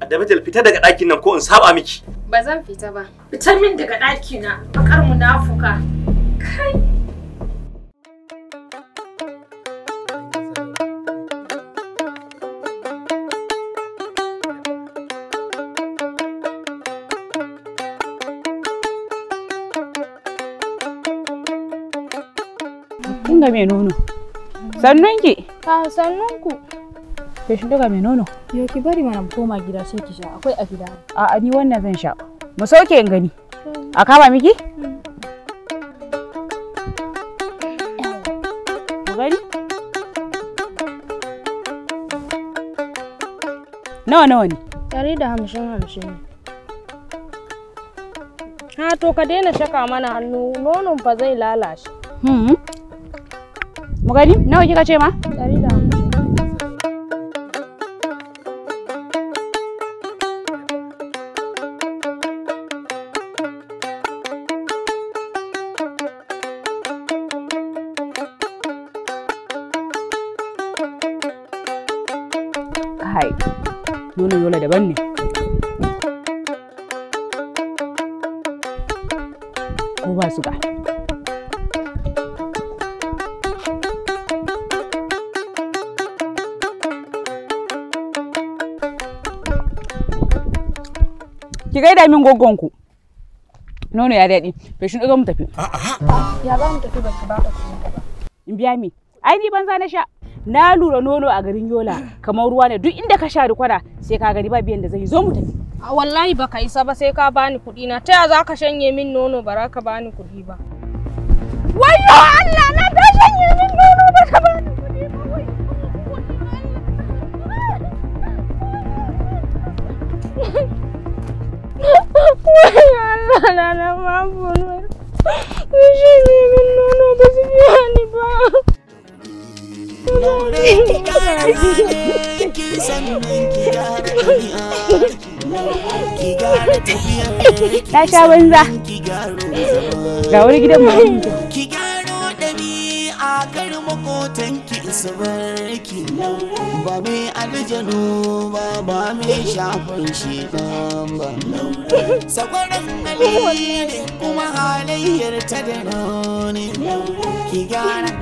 a fita daga ɗakin nan ko in saba miki Ba zan fita ba. Fita min daga ɗaki na, bakar munafuka. Kai. Kin mai Sannunki. Ah, sannunku. Ke shi daga mai nono? Yo ki bari mana koma gida sai ki sha akwai a gida. A'a ni wannan zan sha. Mu sauke in gani. A kama miki? gani? Nawa nawa ne? Dari da hamsin hamsin. Ha to ka daina shaka mana hannu nonon fa zai lalace. Hmm. Mu gani? Nawa kika ce ma? Dari da hamsin. daban ne ko ba su ga ki gaida min gogonku nono ya daɗi feshin ɗaga mu tafi ya ba mu tafi ba su ba ka ba in biya mi ai ni banza na sha na lura nono a garin yola kamar ruwa ne duk inda ka sha kwana sai ka gari ba biyan da zai zo mu tafi wallahi baka isa ba sai ka bani kuɗi na ta za ka shanye min nono ba ra ka bani kuɗi ba wayo Allah na ta shanye min nono ba ka bani kuɗi ba wai Allah na na babu ne shanye min nono ba su biya ni ba Na sha banza. Ga wani gidan mu. Ki gyaro ɗabi'a kar makotanki su barki. Ba mai aljanu ba ba mai shafin shi ba. Sakwaran alherin kuma halayyar ta da rauni. Ki gyara.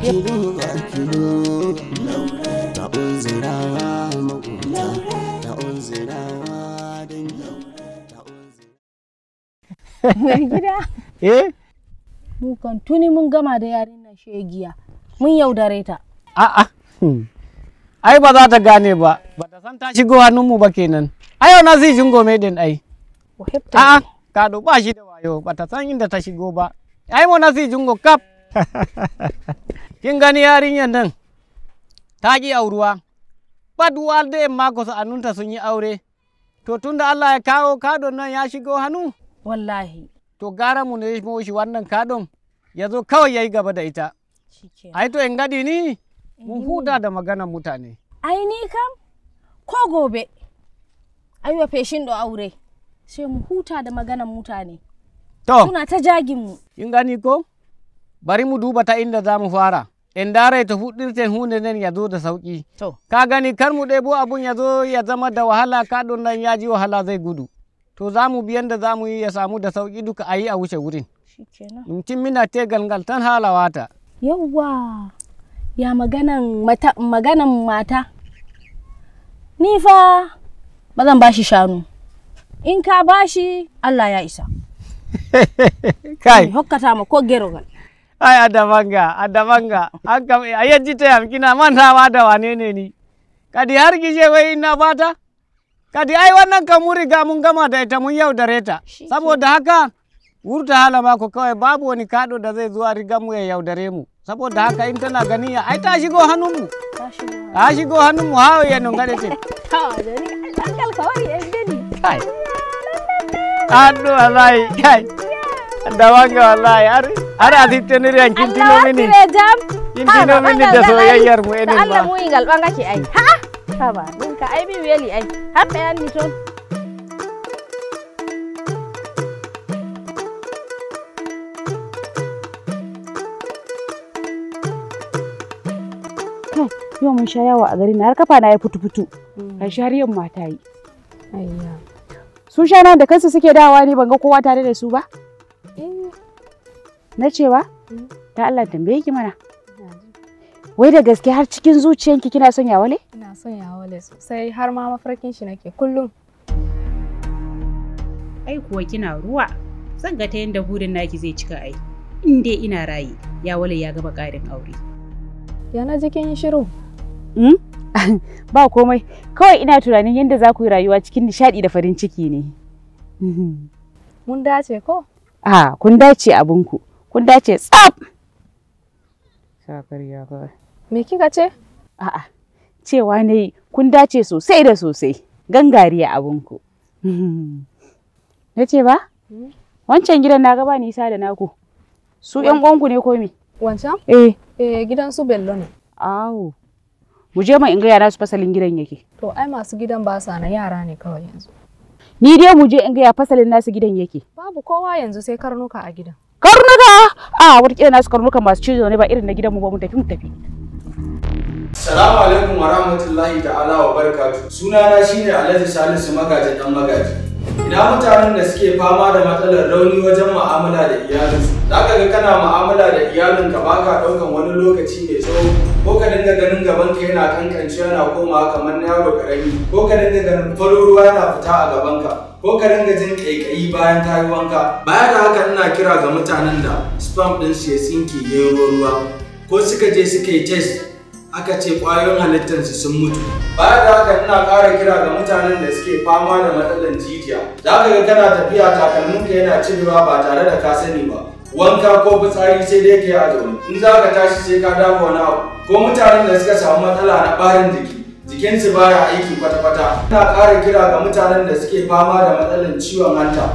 gida eh Mukan, tuni mun gama da yarin nan shegiya mun yaudare ta a'a hmm. ai ba za ta gane ba ba ta san ta shigo hannunmu ba kenan a yau na zai jingo mai din ai a'a ka ba shi da wayo ba ta san inda ta shigo ba ai mu na zai jingo kaf kin gani yarinyar nan ta ƙi auruwa walde da yamma ko anunta sun yi aure to tunda Allah ya kawo kadon nan ya shigo hannu wallahi to gara mu ne shi wannan kadon ya zo kawai ya yi gaba da ita ai to in gadi ni eh, mun huta da maganar mutane ai ni kam ko gobe ai wa feshin do aure sai mu huta da maganar mutane to suna ta jagin mu in gani ko bari mu duba ta inda za mu fara in dare ta hudirten hunde nden ya zo da sauki ka gani kar mu ɗebo abun ya zo ya zama da wahala ka don nan ya ji wahala zai gudu to za mu da zamu za mu yi ya samu da sauki duka a yi a wuce wurin mutum mina te galgal tan halawata yawwa ya maganan mata maganan mata ni fa ba zan bashi shanu in ka bashi Allah ya isa kai hokkata ma ko gero gal ai a dabanga a dabanga an kam a yajji ta yam kina ba da wane ne ni kadi har gije wai na bata kadi ai wannan kan muri ga mun gama da ita mun yaudare ta saboda haka wurta hala ko kawai babu wani kado da zai zuwa riga mu ya yaudare mu saboda haka in tana gani ya ai ta shigo hannun mu ta shigo hannun mu hawa ya nun gade ce kai addu'a kai daban wallahi har har asitte ni ran kin tino mini kin tino mini da soyayyar mu inin ba Allah mu ingal ai ha din ka ai bi weli ai har yau mun sha yawa a gari na har kafa na ya fitu-fitu kan mm. shi har yamma ta yi sun da kansu suke dawa ne ban ga kowa tare da su ba na cewa ta mm. Allah tambaye ki mana wai da gaske har cikin zuciyanki kina son ya wale ina son ya wale sosai har ma mafarkin shi nake kullum ai kuwa kina ruwa zan ga ta yanda burin naki zai cika ai in dai ina rayi ya wale ya gaba ƙarin aure ya na jikin shiru mm? ba komai kawai ina tunanin yadda za ku yi rayuwa cikin nishaɗi da farin ciki ne mun dace ko a ah, kun dace abinku kun dace tsaf me kika ce a'a cewa ne kun dace sosai da sosai gangariya abinku na ce ba hmm. wancan gidan na gaba nisa da naku su yan uwanku ne ko me wancan eh eh gidan su bello ne awo mu je mu in gaya su fasalin gidan yake to ai masu gidan ba sa na yara ne kawai yanzu ni dai mu je in gaya fasalin nasu gidan yake babu kowa yanzu sai karnuka a gidan karnuka a wata nasu karnuka masu cizo ne ba irin na gidanmu ba mu tafi mu tafi Salamu alaikum wa rahmatullahi ta'ala wa barakatuh sunana shine Alhaji Salisu Magaji dan Magaji Ina mutanen da suke fama da matsalar rauni wajen mu'amala da iyalinsu. Za ka ga kana mu'amala da iyalinka ba ka ɗaukan wani lokaci mai tsawo ko ka dinga ganin gabanka yana kankance yana komawa kamar na yaro ƙarami ko ka dinga ganin farin ruwa yana fita a gabanka. ko ka dinga jin ƙaiƙayi bayan ta yi wanka. Baya da haka ina kira ga mutanen da spam ɗin su ya tsinke gero ruwa ko suka je suka yi test aka ce ƙwayoyin halittarsu sun mutu. Baya da haka ina ƙara kira ga mutanen da suke fama da matsalar jijiya. Za ka ga kana tafiya takalminka yana cirewa ba tare da ka sani ba. Wanka ko fitsari sai dai ka yi a zaune. In za ka tashi sai ka dafa wani abu. Ko mutanen da suka samu matsala na ɓarin jiki. Jikinsu baya aiki kwata-kwata. Ina ƙara kira ga mutanen da suke fama da matsalar ciwon hanta,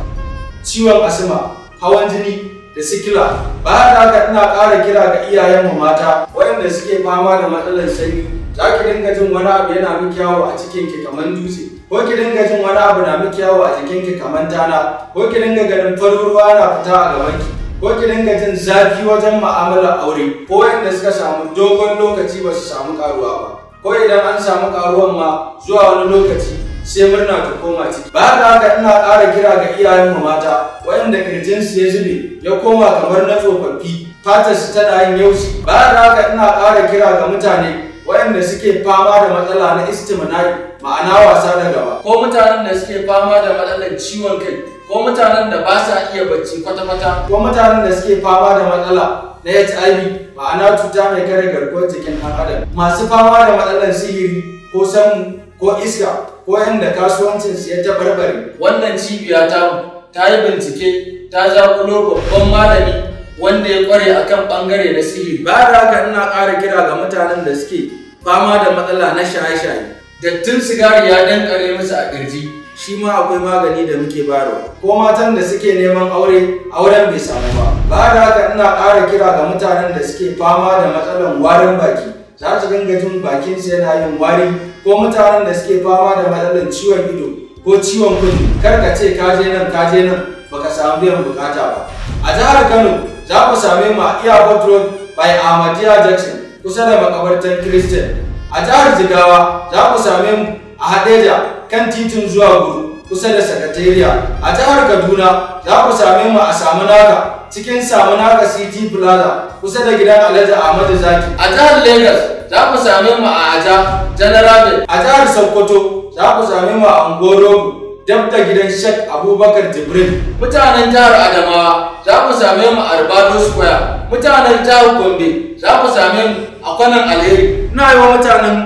ciwon asma, hawan jini, da sikila ba da haka ina ƙara kira ga iyayenmu mata waɗanda suke fama da matsalar sanyi za ki dinga jin wani abu yana miki yawo a cikin ki kamar dutse ko ki dinga jin wani abu na miki yawo a jikin ki kamar tana ko ki dinga ganin farin na fita a gaban ki ko ki dinga jin zafi wajen mu'amalar aure ko waɗanda suka samu dogon lokaci ba su samu karuwa ba ko idan an samu karuwan ma zuwa wani lokaci sai murna ta koma ciki bayan da haka ina ƙara kira ga iyayen mu mata waɗanda su ya zube ya koma kamar na tsofaffi ta tana yin yaushi bayan da haka ina ƙara kira ga mutane waɗanda suke fama da matsala na istimnai ma'ana wasa da gaba ko mutanen da suke fama da matsalar ciwon kai ko mutanen da ba sa iya bacci kwata-kwata ko mutanen da suke fama da matsala na HIV ma'ana cuta mai kare garkuwar jikin ɗan adam masu fama da matsalar sihiri ko samu ko iska ko kasuwancin su ya tabarbare. Wannan cibiya ta ta yi bincike ta zakulo babban malami wanda ya kware kan bangare na sihiri. Ba da haka ina ƙara kira ga mutanen da suke fama da matsala na shaye-shaye. Dattin sigari ya dankare musu a ƙirji. Shi ma akwai magani da muke bayarwa. Ko matan da suke neman aure, auren bai samu ba. Ba da haka ina ƙara kira ga mutanen da suke fama da matsalan warin baki. Za su dinga jin bakinsu yana yin wari ko mutanen da suke fama da matsalar ciwon ido ko ciwon kudi kar ka ce ka je nan ka je nan baka samu biyan bukata ba a jihar Kano za ku same mu a Airport Road by Ahmadiyya Jackson kusa da makabartar Christian a jihar Jigawa za ku same mu a Hadeja kan titin zuwa Guru kusa da Sakatariya a jihar Kaduna za ku same mu a Samunaka cikin Samunaka City Plaza kusa da gidan Alhaji Ahmadu Zaki a jihar Lagos za ku same mu a Aja General a jihar Sokoto za ku same mu a Angorogu dab da gidan Sheikh Abubakar Jibril. Mutanen jihar Adamawa za ku same mu a Ribado Square. Mutanen jihar Gombe za ku same mu a kwanan Alheri. Ina yi wa mutanen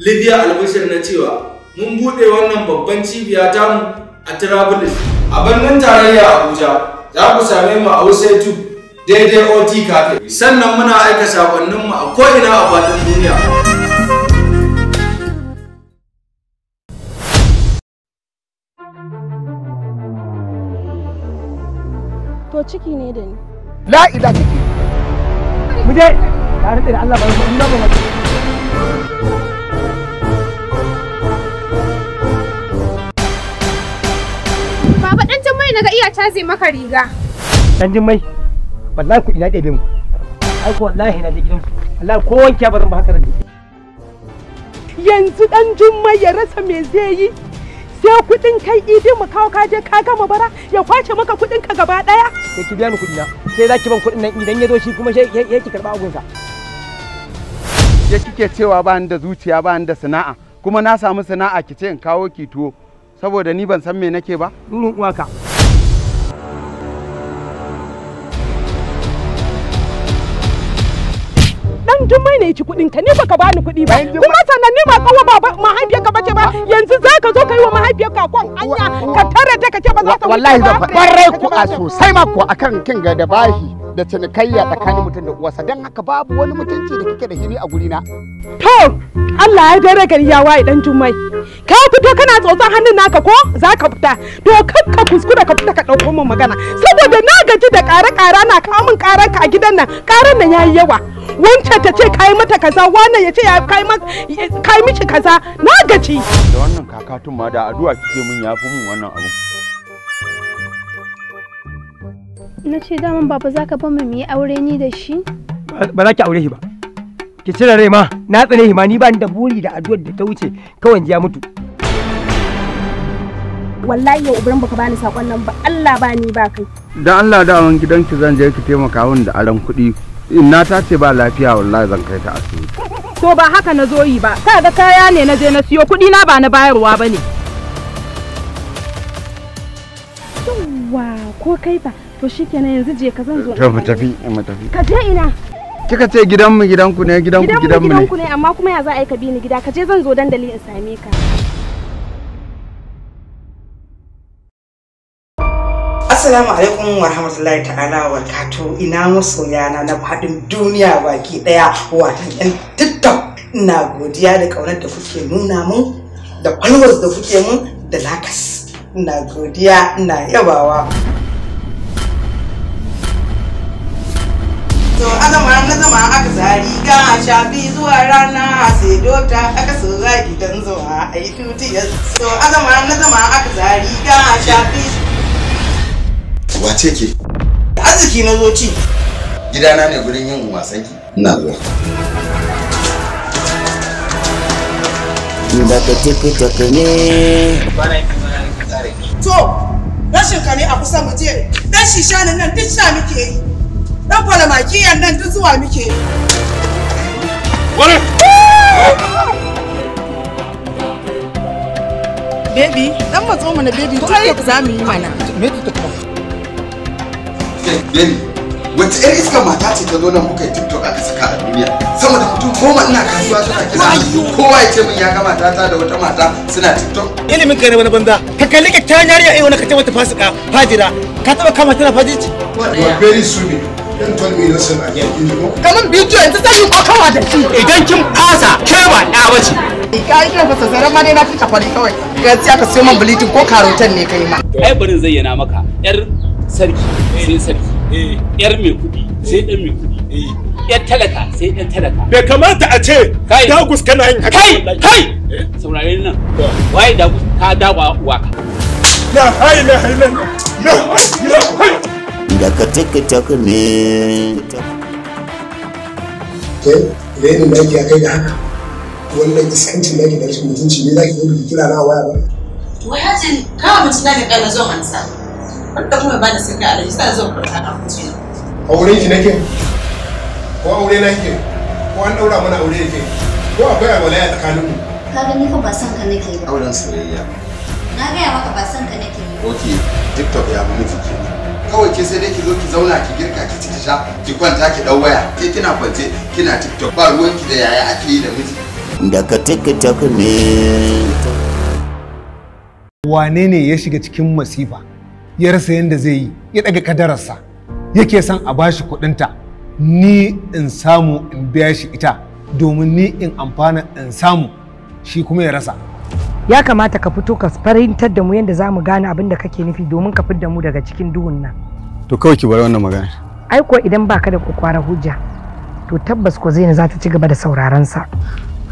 Libya albishir na cewa mun buɗe wannan babban cibiya tamu a Tirabulis. A birnin tarayya Abuja za ku same mu a Usaitu daidai ot kafe sannan muna aika sakonninmu a ko'ina a fatan duniya to ciki ne da ni la'ila ciki mu je tare da Allah ba mu ba mu Baba dan jin mai naga iya caji maka riga. Dan jin mai wallahi kuɗi na ɗebe mu ai ko wallahi na je gidansu wallahi ko wanke ba zan ba haka rage yanzu dan jumma ya rasa me zai yi sai kuɗin kai idin mu kawo ka je ka gama bara ya kwace maka kuɗin ka gaba ɗaya sai ki biya ni kuɗi na sai zaki ban kuɗin nan idan ya zo shi kuma sai ya ki karɓa agunsa ya kike cewa ba ni da zuciya ba ni da sana'a kuma na samu sana'a ki ce in kawo ki tuwo saboda ni ban san me nake ba rurin uwaka duk mai ne ci kuɗin ka ni baka bani kuɗi ba kuma sannan ni ba ah. kawo ba mahaifiyar ka bace ba ah. yanzu za ka zo kai wa mahaifiyar ka kwan ah. anya ka tare ka ce ba za ta wallahi zan kwarai ku a sosai ma ku akan kin ga da bahi da cinikayya tsakanin mutum da uwarsa don haka babu wani mutunci da kike da hiri a gurina. To, Allah ya dare gari ya waye dan jummai. Ka fito kana tsotson hannun naka ko za ka fita. To kakka ka kuskura ka fita ka ɗauko min magana. Saboda na gaji da ƙara ƙara na kawo min ka a gidan nan. Ƙaran nan ya yi yawa. Wancan ta ce ka mata kaza wannan ya ce ya kai mishi kaza na gaji. Da wannan kakatun ma da addu'a kike min ya fi min wannan abu. na ce daman baba za ka bamu mu yi aure ni da shi ba za ki aure shi ba ki cire rai ma na tsane shi ma ni ba ni da buri da addu'ar da ta wuce kawai ya mutu wallahi ya ubran baka bani sakon nan ba Allah ba ni ba kai dan Allah da awan gidanki zan je ki taimaka min da aran kuɗi in na tace ba lafiya wallahi zan kai ta asibiti to ba haka na zo yi ba kaga kaya ne na je na siyo kuɗi na ba na bayarwa bane yawwa ko kai ba to shikenan yanzu je ka zan zo to mu tafi mu tafi ka je ina kika ce gidan ku ne gidan mu ne ku ne amma kuma ya za a yi ka bi ni gida ka je zan zo dandali in same ka Assalamu alaikum wa rahmatullahi ta'ala wa kato ina masoya na na faɗin duniya baki ɗaya wata yan tiktok ina godiya da ƙaunar da kuke nuna mun da kwalwar da kuke mun da lakas ina godiya ina yabawa to azama na zama aka zari ga shafi zuwa rana sai dota aka so zagi dan zuwa a yi tutiyar to azama na zama aka zari ga shafi wace ke arziki na zo ci gidana ne gurin yin wasan ki ina zuwa da ka tafi tafi ne to rashin ka ne a kusa mu je dan shishanin nan duk sha muke yi Dan falamakiyan nan duk zuwa muke. Wani! Baby, dan matso mana baby TikTok za mu yi mana. Me TikTok ba? Baby, wata ƴar iska mata ce ta zo nan muka yi TikTok aka saka a duniya. Sama da mutum goma ina kasuwa suna kira kowa ya ce min ya ga ta da wata mata suna TikTok. Ilimin kai na wani banza. Ka kalli ka ta yarinya ai eh, wani ka ce mata fasika fajira. Ka taɓa kama tana fajici? Very soon. Kaman bidiyo yanzu sai yin kokawa da shi. Idan kin fasa ke ba ɗa ba ce. Ka yi kiran fasa sai ma dai na fi kafari kawai. Gaskiya ka siyo man bilitin ko karotan ne kai ma. Ai barin zayyana maka 'yar sarki eh. sai sarki. Eh. 'Yar mai kuɗi sai ɗan mai kuɗi. Eh. yan talaka sai yan talaka. Bai kamata a ce dagus kana yin haka. Kai! Kai! Saurare nan. Waye dagus ka dawa ka La haila haila. La haila haila. daga tiktok ne ke renin da ke kai da haka wannan iskancin da ke da rashin mutunci ne za ki yi kira na waya ba waya ce kawo mutum na ga na zo hansa wanda kuma ba da sai ka alaji sa zo karta na kuce aure ki nake ko aure na ke ko an daura mana aure yake ko akwai alwalaya tsakaninku ka gani fa ba san ka nake ba auren soyayya na gaya maka ba san ka nake ba ok tiktok ya mu miji ke kawai ke sai dai ki zo ki zauna ki girka ki ci ki sha ki kwanta ki dau waya ke kina kwance kina tiktok ba ruwan ki da yaya ake yi da miji daga tiktok ne wane ne ya shiga cikin masifa ya rasa yadda zai yi ya daga kadararsa yake son a bashi kuɗinta ni in samu in biya shi ita domin ni in amfana in samu shi kuma ya rasa ya kamata ka fito ka farintar da mu yadda za mu gane abin da kake nufi domin ka fidda mu daga cikin duhun nan to kawai ki bari wannan magana ai ko idan baka da kwakwara hujja to tabbas ko zaina za ta ci gaba da sauraron sa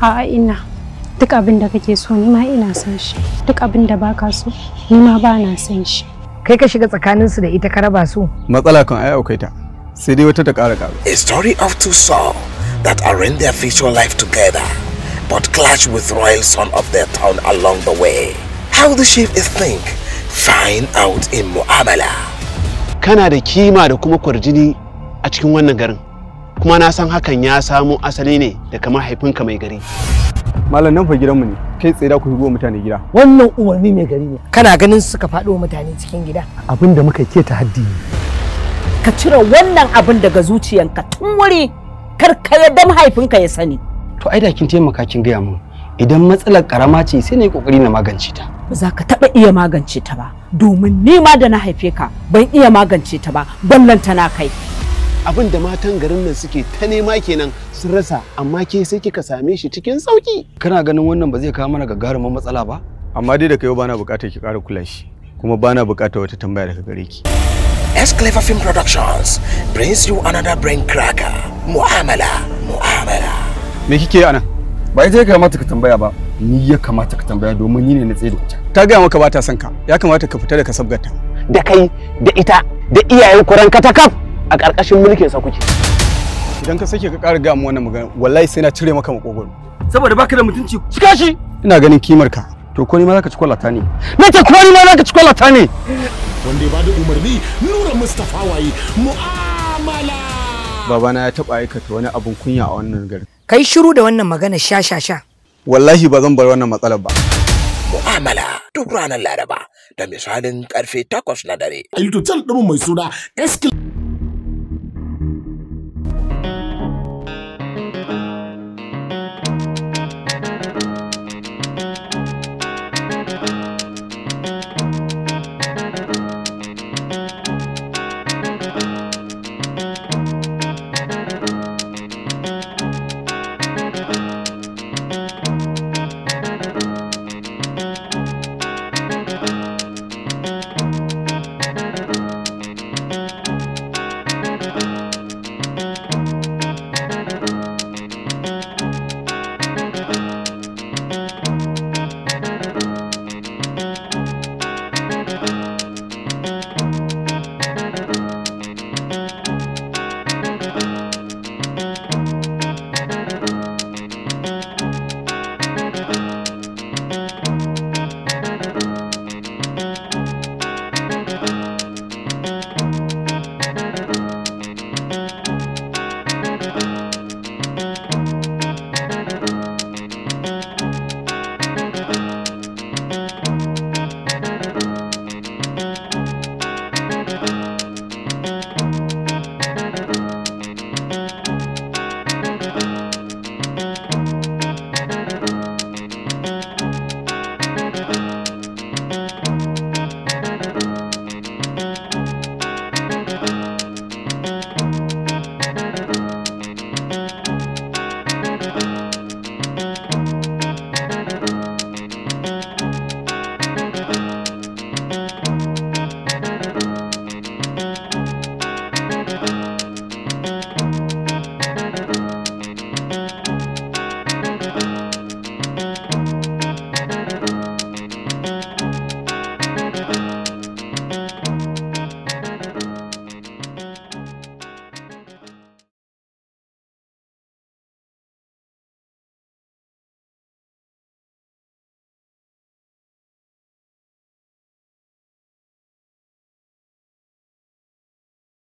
a'a ina duk abin da kake so ni ma ina son shi duk abin da baka so ni ma ba na son shi kai ka shiga tsakanin su da ita ka raba su matsala kan ai aukai ta sai dai wata ta ƙara ƙaru a story of two souls that arrange their future life together but clash with royal son of their town along the way. How the shape is think, find out in mu'amala. Kana da kima da kuma kwarjini a cikin wannan garin, kuma na san hakan ya samo asali ne daga mahaifinka mai gari. Malam nan fa gidanmu ne, kai tsaye da ku shigo mutane gida. Wannan umarni mai gari ne. Kana ganin suka faɗo mutane cikin gida. Abin da muka keta ta haddi Ka cire wannan abin daga zuciyanka tun wuri kar ka yadda mahaifinka ya sani. to ai da kin taimaka kin gaya mun idan matsalar karama ce sai na yi kokari na magance ta ba za ka taba iya magance ta ba domin ni ma da na haife ka ban iya magance ta ba ta na kai abin da matan garin nan suke ta nema kenan sun rasa amma ke sai kika same shi cikin sauki kana ganin wannan ba zai kawo mana gagarumin matsala ba amma dai da kai bana buƙatar ki ƙara kula shi kuma bana bukatar wata tambaya daga gare ki S Clever Film Productions brings you another brain cracker Mu'amala me kike anan ba ita ya kamata ka tambaya ba ni ya kamata ka tambaya domin ni ne na tsaye da ita ta gaya maka ba ta son ka ya kamata ka fita daga sabgarta da kai da ita da iyayen kuran ka ta kaf a ƙarƙashin mulkin sa kuke idan ka sake ka ƙara gamu wannan magana wallahi sai na cire maka makogoro saboda baka da mutunci cika shi ina ganin kimar ka to ko ni ma zaka ci kwalata ne ta ko ni ma zaka ci kwalata ne wanda ya bada umarni nura mustafa waye mu'amala babana ya taba aikata wani abun kunya a wannan garin kai shiru da wannan magana sha sha sha wallahi ba zan bar wannan matsalar ba mu'amala duk ranar laraba da misalin karfe takwas na dare a youtube channel ɗin mai suna eskil